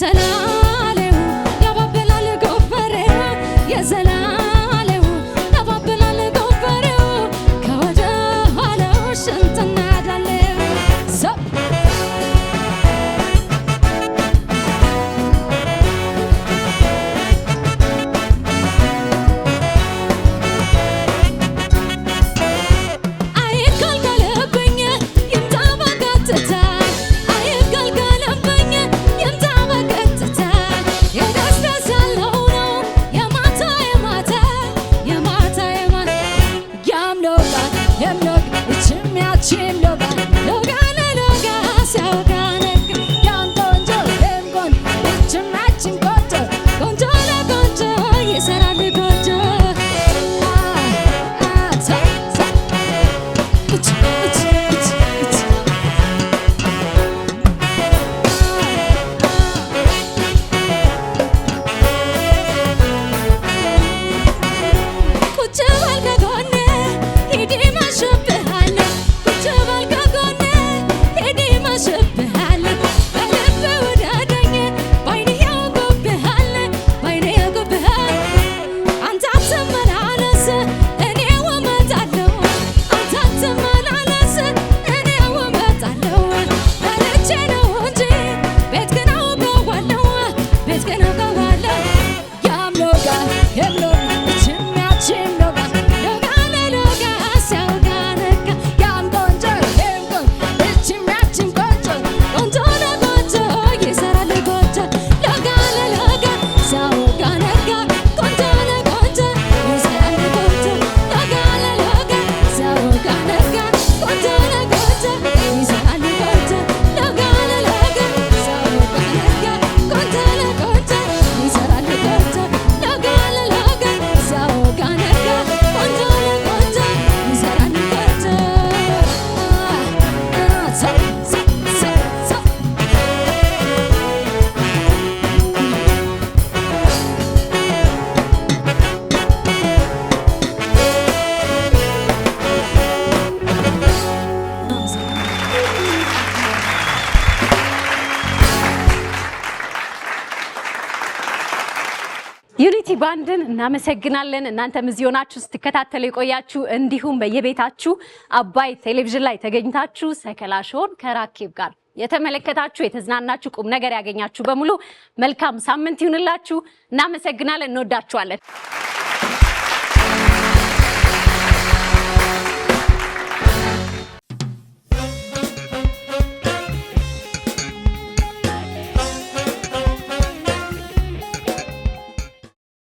ሰላሌው ያባብላል ጎፈሬ የዘላ Yemlok, yemlok, içim ya çimlok ዩኒቲ ባንድን እናመሰግናለን። እናንተም እዚህ ሆናችሁ ስትከታተሉ የቆያችሁ እንዲሁም በየቤታችሁ አባይ ቴሌቪዥን ላይ ተገኝታችሁ ሰከላ ሾውን ከራኬብ ጋር የተመለከታችሁ የተዝናናችሁ፣ ቁም ነገር ያገኛችሁ በሙሉ መልካም ሳምንት ይሁንላችሁ። እናመሰግናለን። እንወዳችኋለን።